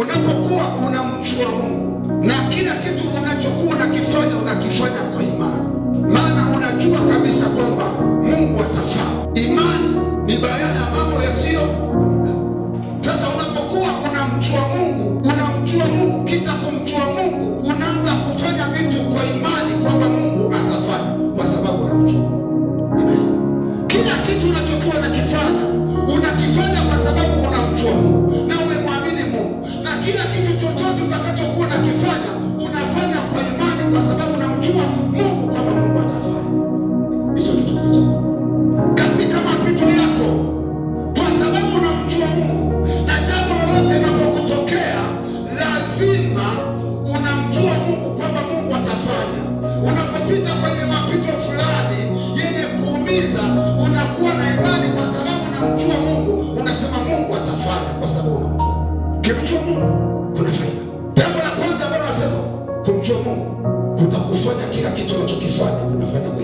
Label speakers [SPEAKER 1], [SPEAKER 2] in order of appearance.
[SPEAKER 1] Unapokuwa unamjua Mungu na kila kitu unachokuwa unakifanya unakifanya kwa imani, maana unajua kabisa kwamba Mungu atafanya. Imani ni bayana ya mambo yasiyo. Sasa unapokuwa unamjua Mungu, unamjua Mungu, kisha kumjua Mungu unaanza kufanya vitu kwa imani kwamba Mungu atafanya, kwa sababu unamjua Mungu. Kila kitu unachokuwa unakifanya unakifanya unapita kwenye mapito fulani yenye kuumiza, unakuwa na imani kwa sababu unamjua Mungu, unasema Mungu atafanya kwa sababu unamjua. Kimjua Mungu kuna faida. Jambo la kwanza ambalo nasema kumjua Mungu kutakufanya kila kitu unachokifanya unafanya